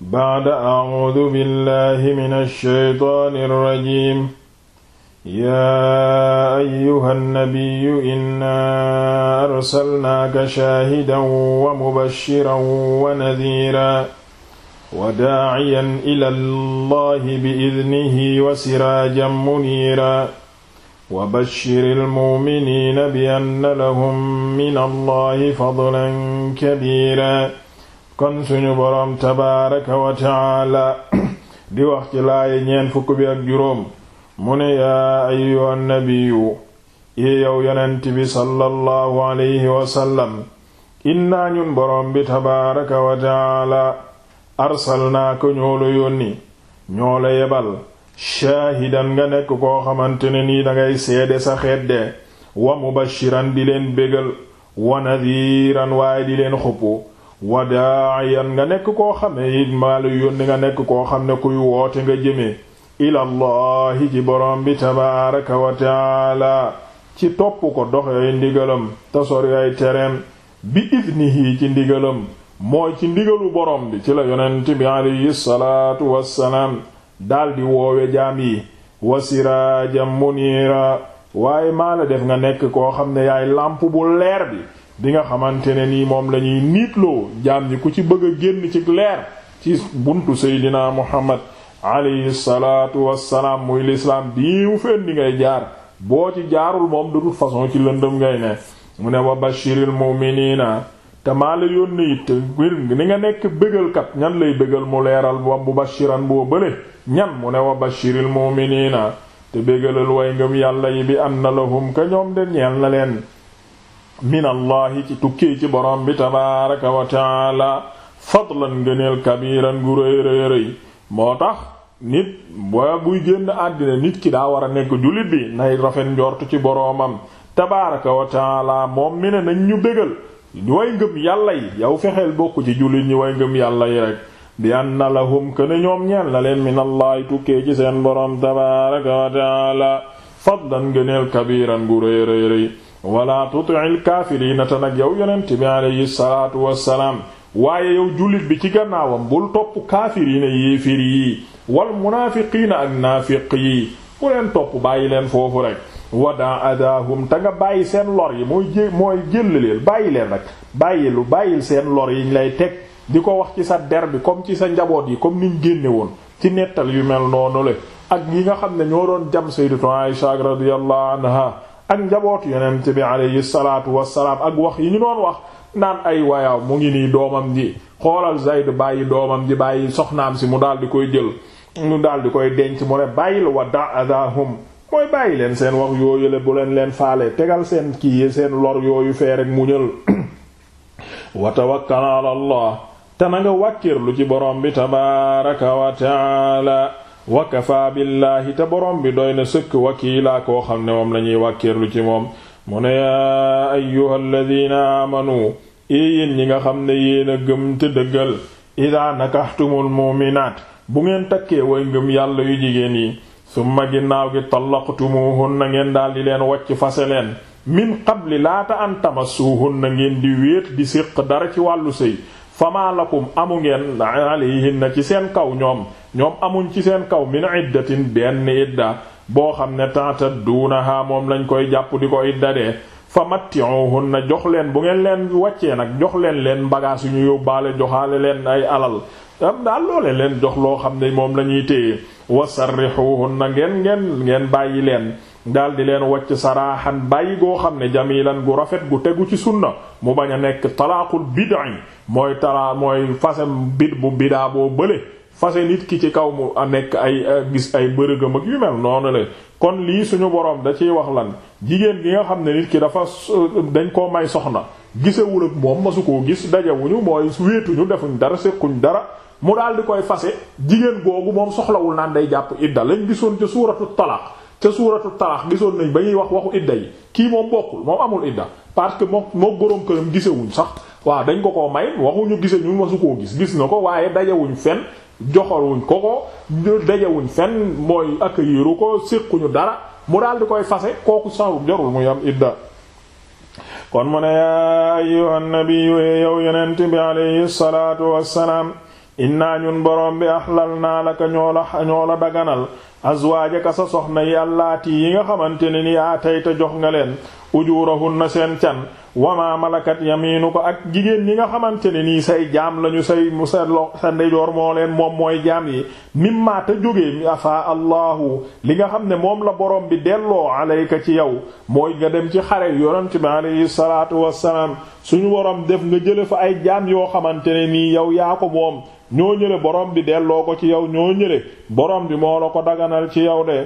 bacda acuudu billahi min alshaytaani alrajim yaa ayuha alnabiyu inna arsalnaaka shaahidan wa mubashiran wa nadiira wa daaciyan ila allahi biidnihi wa siraajan muniira wa bashir almuuminiina bi anna lahum min allahi fadlan kabiira kon suñu boroom tabaaraka wa taala di wax ci laaye ñeen fukk bi ak juróom mu ne yaa ayyuha nabiyu i yow yonent bi sallallahu alayhi wasallam innaa ñun boroom bi tabaaraka wa taala arsalnaaka ñoo la yónni ñoo la yebal shaahidan nga nekk koo xamante ne nii dangay seede sa xeet wa mubashiran di leen bégal wa nadiiran waaye di leen xuppu wadaayan nga nekk koo xam ne it maa yónni nga nekk koo xam ne kuy woote nga jëme ilallahi ci borom bi tabaaraka wa taala ci topp ko dox ay ndigalam te sori tereem bi idnihi ci ndigalam mooy ci ndigalu borom bi ci la yonent bi alayhi salaatu wassalaam daldi woowe jaam yi wa siraajam muniira waaye maa la def nga nekk koo xam ne yaay làmp bul leer bi bi nga xamante ne nii moom la ñuy niitloo jaam ñi ku ci bëgg a génn ci leer ci buntu seydinaa muhammad alayhi salaatu wassalaam muy lislaam bii mu fen di jaar boo ci jaarul moom de toute façon ci lëndëm ngay ne mu ne wa bashiril mu'minina te maa la yónni it ni nga nekk bégalkat ñan lay bëggal mu leeral wa bu bashiran boo bële ñan mu ne wa bashiril mu'minina te bégalal way ngëm yàlla yi bi anna lahum ñoom de ñeel na leen minallahi ci tukkee ci boroom bi tabaaraka wa taala fadlan ngëneel kabiran gu rëy rëy rëy moo tax nit ba buy génn àddina nit ki daa war a nekk jullit bi nay rafet njortu ci boroomam tabaaraka wa taala moom mi nañ ñu bégal way ngëm yàlla yi yow fexeel bokk ci jullit ñi way ngëm yàlla yi rek bi anna lahum këne ñoom ñeen la leen minallahi tukkee ci seen borom tabaaraka wa taala fadlan ngëneel kabiran gu rëy rëy rëy wala tuti'il kaafiriina te nag yow yonent bi alayhi salaatu wassalaam waaye yow jullit bi ci gannaawam bul topp kaafiriina yéefir yi wal munaafiqiina ak naafiq yi bu leen topp bàyyi leen foofu rek wadaa adaahum te nga bàyyi seen lor yi mooy jé leen bàyyi leen rek bàyyi lu bàyyil seen lor yiñ lay teg di ko wax ci sa der bi comme ci sa njaboot yi comme niñ génne woon ci nettal yu mel noonu le ak yi nga xam ne ñoo doon jam sayyidatu Aisha radiyallahu anha ak njabootu yonent bi alayhi salaatu wassalaam ak wax yi ñu doon wax naan ay wayaw mu ngi nii doomam ji xoolal Zayd bàyyi doomam ji bàyyi soxnaam si mu daal di koy jël mu daal di koy denc mu ne bàyyil wa da'adahum mooy bàyyi leen seen wax yooyu la bu leen leen faale tegal seen kii seen lor yooyu fee rek mu ñël wa tawakkal ala Allah te na nga wàkkirlu ci borom bi tabaaraka wa taala wakafaa billaahi te borom bi doy na sëkk wakiilaa koo xam ne moom lañuy wàkkeerlu ci moom mu ne yaa ayyuha alladina aamanu e yéen ñi nga xam ne yéen gëm te dëggal idaa nakahtumul mu'minaat bu ngeen takkee way ngëm yàlla yu jigéen yi summa ginnaaw gi na ngeen daldi leen wàcc fase leen min qabli laata an na ngeen di wéet di séq dara ci wàllu sëy famaa lakum amu ngeen alayhinna ci seen kaw ñoom ñoom amuñ ci seen kaw na iddatin benn idda boo xam ne taata duunaha moom lañ koy jàpp di ko idda dee fa na jox leen bu ngeen leen wàccee nag jox leen leen bagage yu ñu yóbbaale joxaale leen ay alal am daal loole leen jox loo xam ne moom la ñuy téye wa sarrihuhunna ngeen ngeen ngeen bàyyi leen daal di leen wacc saraaxan bàyyi goo xam ne jamilan gu rafet gu tegu ci sunna mu bañ a nekk talaaqul bid'i mooy talaa mooy fasam bid bu bidaa boo bële fase nit ki ci kaw mu nekk ay eh, gis ay mbërëgam ak yu mel noonu la kon lii suñu boroom da ciy wax lan jigéen gi nga xam ne nit ki dafa dañ koo may soxna gisewul moom masu koo gis dajewuñu mooy wéetuñu defuñ dara sekkuñ dara mu daal di koy fase jigéen googu moom soxlawul naan day jàpp idda gisoon suuratu talaq suuratu talaq gisoon nañ ba ñuy wax waxu idda kii moom bokkul moom amul idda parce que moom moo boroom këram gisewuñ sax waaw dañ ko koo may waxuñu gise ñu masu koo gis gis na ko waaye dajewuñ fen joxoruñ ko ko dajewuñ fenn mooy accueilliru ko séquñu dara mu daal di koy fase kooku sanrub jarul muy am idda kon mu ne yaa ayyuha nabiyyu e yow yonent bi alayhi salaatu wassalaam inna ñun borom bi axlal naa laka ñoo la daganal azwaajaka sa soxna yi allaati yi nga xamante ne ni yaa tey te jox nga leen na seen can wama malakat yaminu ko ak jigéen ñi nga xamante ne nii say jaam lañu say sa lo sa ndeyoor moo leen moom mooy jaam yi mimma te jógee afa allahu li nga xam ne moom la borom bi delloo alayka ci yow mooy nga ci xare yonent bi alayhi salaatu suñu borom def nga jële fa ay jaam yoo xamante ne nii yow yaa ko moom ñoo ñële borom bi delloo ko ci yow ñoo ñële borom bi moo la ko dagana daganal ci yow de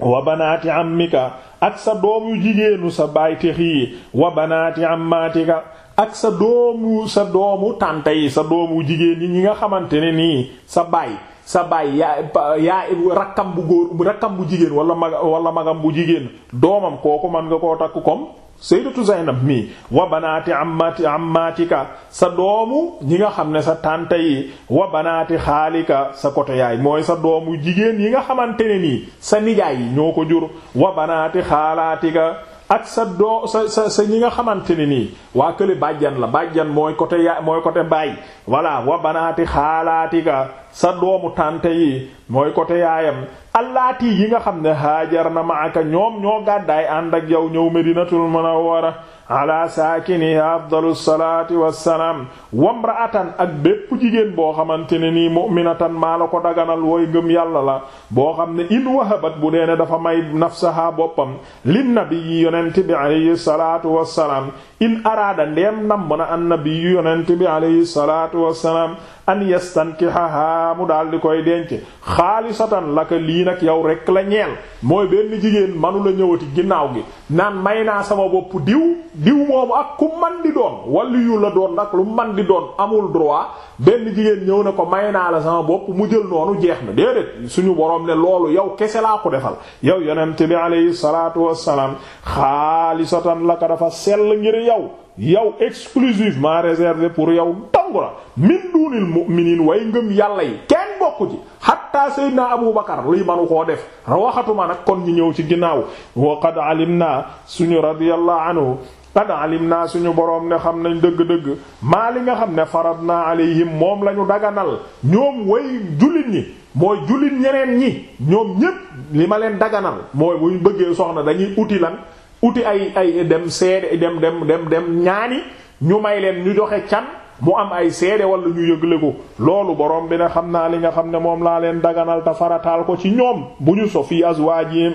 wa banaati ammika ak sa doom yu jigéenu sa baytex yi wa banaati ammaatika ak sa doomu sa doomu tante yi sa doomu jigéen yi ñi nga xamante ne nii sa baay sa baay yaa rakkam bu góor rakkam bu jigéen wala mag magam bu jigéen doomam kooku mën nga koo takk comme say sayyidatu Zaynab mi wa banaati ammati ammatika sa doomu ñi nga xam ne sa tante yi wa banaati xaalika sa côté yaay mooy sa doomu jigéen yi nga xamante ne nii sa nijaay yi ñoo ko jur wa banaati xaalaatika ak sa doo sa sa ñi nga xamante ne nii waa kële la bàjjan mooy côté mooy côté baay voilà wa banaati xaalaatika sa doomu tante yi mooy côté yaayam allaati yi nga xam ne haajar na maaka ñoom ñoo gàddaay ànd ak yow ñëw medinatul munawwara ala saakiniha afdalu salaati wassalaam wamraatan ak bépp jigéen boo xamante ne nii mu'minatan maa la ko daganal wooy ngëm yàlla la boo xam ne in wahabat bu dee ne dafa may nafsaha boppam linnabiyi yonent bi alayhi salaatu wassalaam in araada ndeem nam na annabiyu yonent bi alayhi salaatu wassalaam ki yastankihaha mu daal di koy denc xaalisatan laka lii nag yow rek la ñeel mooy benn jigéen manu la ñëwati ginnaaw gi naan may naa sama bopp diw diw moomu ak ku man di doon waliyu la doon nag lu man di doon amul droit benn jigéen ñëw ne ko may naa la sama bopp mu jël noonu jeex na déedéet suñu borom ne loolu yow kese laa ko defal yow yonent bi alayhi salaatu wassalaam xaalisatan laka dafa sell ngir yow yow exclusivement réservé pour yow dong la min dunil mu'minin way ngëm yàlla yi kenn bokku ci hatta sayyidina abu bakar lii manu koo def waxatuma nag kon ñu ñëw ci ginnaaw wa qad alim naa suñu radiyallahu anhu qad alim naa suñu borom ne xam nañ dëgg-dëgg maa li nga xam ne farad naa moom la ñu daganal ñoom way jullit ñi mooy jullit ñeneen ñi ñoom ñépp li ma leen daganal mooy ñu bëggee soxna dañuy uti lan uti ay ay dem seede dem dem dem dem ñaani ñu may leen ñu joxe can mu am ay seede wala ñu yëgle ko loolu borom bi ne xam naa li nga xam ne moom laa leen daganal te farataal ko ci ñoom bu ñu so fii azwaajim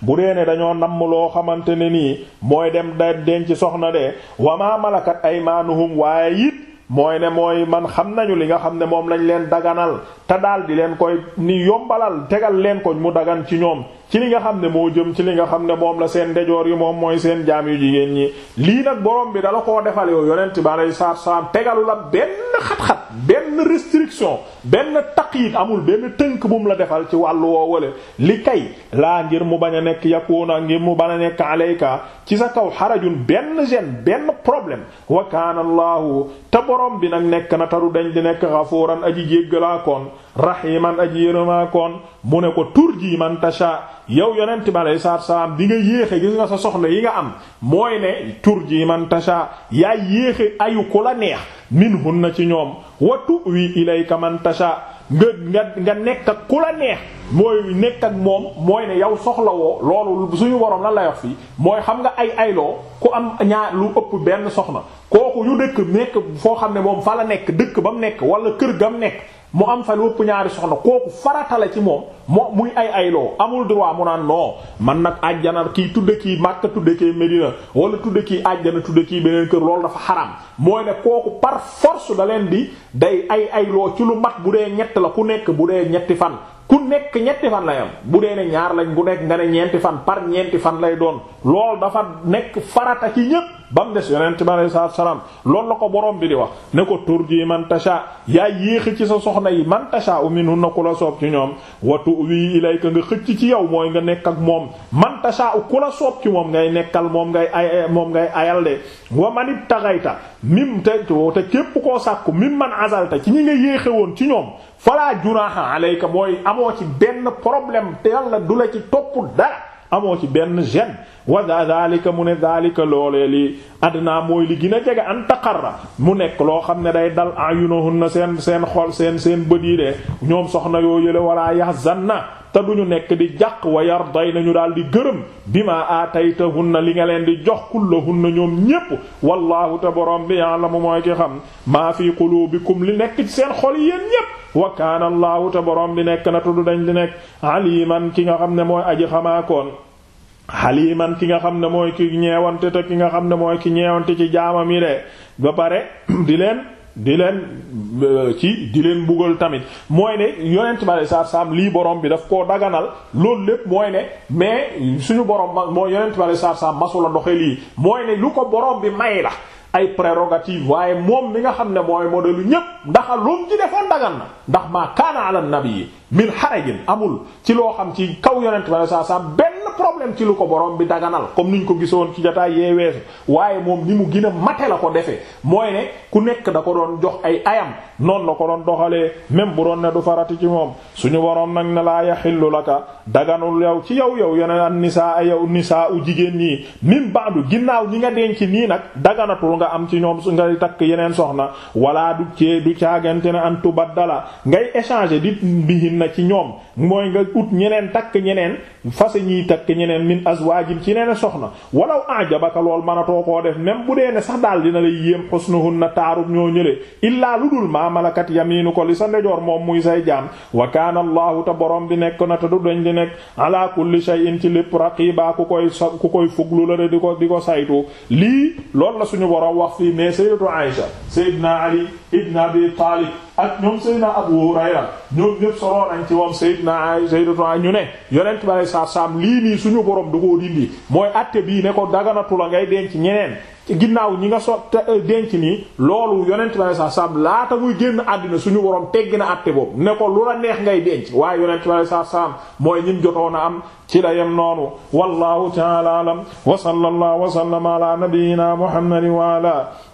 bu dee dañoo namm loo xamante ne nii mooy dem da denc soxna de wamaa malakat aymaanuhum waaye it mooy ne mooy man xam nañu li nga xam ne moom lañ leen daganal te daal di leen koy ni yombalal tegal leen ko mu dagan ci ñoom ci li nga xam ne moo jëm ci li nga xam ne moom la seen ndejoor yi moom mooy seen jaam yi jigéen ñi lii nag borom bi dala koo defal yow yonent ba lay saar saam tegalu la benn xat-xat benn restriction benn taqyid amul benn tënk bu mu la defal ci wàllu woo wale li kay laa ngir mu bañ a nekk yakuuna ngir mu bañ a nekk alayka ci sa kaw xarajun benn gene benn problème wa kaana allahu te borom bi nag nekk na taru dañ di nekk xafuuran aji jéggalaa koon aji yërëmaa yow yonent bi alayhi salaatu salaam di nga yéexe gis nga sa soxla yi nga am mooy ne tur ji man tasha yaay yéexe ayu ku la neex min hun na ci ñoom watu wi ilayka man tasha nga nga nekk ak ku la neex mooy nekk ak moom mooy ne yow soxlawoo loolu suñu waroon lan la wax fii mooy xam nga ay ayloo ku am ñaar lu ëpp benn soxna kooku yu dëkk nekk foo xam ne moom fa la nekk dëkk ba mu nekk wala kër ga mu nekk mu am fa lu ëpp ñaari soxna kooku farata la ci moom moo muy ay ayloo amul droit mu naan non man nag àjjana kii tudde kii Makka tudde kii Medina wala tudde kii àjjana tudd kii beneen kër loolu dafa xaram mooy ne kooku par force da leen di day ay ayloo ci lu mat bu dee ñett la ku nekk bu dee ñetti fan ku nekk ñetti fan lay am bu dee ne ñaar lañ bu nekk nga ne ñeenti fan par ñeenti fan lay doon loolu dafa nekk farata ci ñépp ba mu des yonent bi alayhi salaatu salaam loolu la ko borom bi di wax ne ko turji man tasha yaa yéexi ci sa soxna yi man tasha minhu na ku la soob ci ñoom watu wi ilayka nga xëcc ci yow mooy nga nekk ak moom man tasha ku la soob ci moom ngay nekkal moom ngay ay moom ngay ayal de wa manit taxayta mim te te képp koo sàkku mim man azalta ci ñi nga yéexe woon ci ñoom falaa junaaha alayka mooy amoo ci benn problème te yàlla du la ci topp dara amoo ci benn gêne wa dhalika mu ne dhalika loolee li adna mooy li gën a jege an mu nekk loo xam ne day dal ayunuhunna seen seen xol seen seen bët yi de ñoom soxna yoo yële wala yahzanna te ñu nekk di jaq wa yarday nañu daal di gërëm bima aataytahunna li nga leen di jox kullahunna ñoom ñépp wallahu te borom bi ya'lamu mooy ki xam maa fi qulubikum li nekk ci seen xol yéen ñépp wa kaana allahu te borom bi nekk na tudd dañ di nekk aliman ki nga xam ne mooy aji xamaakoon xaliiman ki nga xam ne mooy ki ñeewante te ki nga xam ne mooy ki ñeewante ci jaamam yi de ba pare di leen di leen ci di leen buggal tamit mooy ne yonent bi saa saam lii borom bi daf koo daganal loolu lépp mooy ne mais suñu borom ma mooy yonent bi saa saam masula doxe lii mooy ne lu ko borom bi may la. ay prérogative waaye moom mi nga xam ne mooy modelu ñépp ndax lum ci defoon dagan na ndax maa kaana ala nabi min harajin amul ci loo problème ci lu ko boroom bi daganal comme niñ ko gisoon ci jotaay yee weesu waaye moom ni mu gën a mate la ko defee mooy ne ku nekk da ko doon jox ay ayam noonu la ko doon doxalee même bu doon ne du farati ci moom suñu waroon nag ne laa yaxillu laka daganul yow ci yow yow yeneen an nisaa ay yow nisaa u jigéen ñi min baadu ginnaaw ñi nga denc nii nag daganatul nga am ci ñoom su ngay takk yeneen soxna wala du cee du caagante ne antu bat dala ngay échanger di bihin na ci ñoom mooy nga ut ñeneen takk ñeneen fase ñiy takk ñeneen min azwaajin ci neena soxna walaw ajabaka lool manatoo koo def même bu dee ne sax daal dina lay yéem xusnuhunna taarub ñoo ñële illaa lu dul maa malakat yamiinu ko li sa ndejoor moom muy say jaam wa kaana allahu te borom bi nekk na te du dañ di nekk ala kulli shay'in ci lépp raqiba ku koy ku koy fuglu la de di ko di ko saytu lii loolu la suñu borom wax fii mais sayyidatu Aisha sayyidna Ali ibn Abi Talib ak ñoom Seydina Abu Hurayra ñoom ñëpp soloo nañ ci moom Seydina Seydina ñu ne yonent bi saa saam lii nii suñu borom du ko mooy àtte bii ne ko daganatu la ngay denc ñeneen ci ginnaaw ñi nga so eh, denc nii loolu yonent bi saa saam laata muy génn àddina suñu borom teggi na àtte boobu ne ko lu la neex ngay denc waaye yonent bi saa saam mooy ñim jotoon a am ci la yem noonu wallahu ta'ala alam wa sallallahu wa sallama ala nabiyyina muhammadin wa ala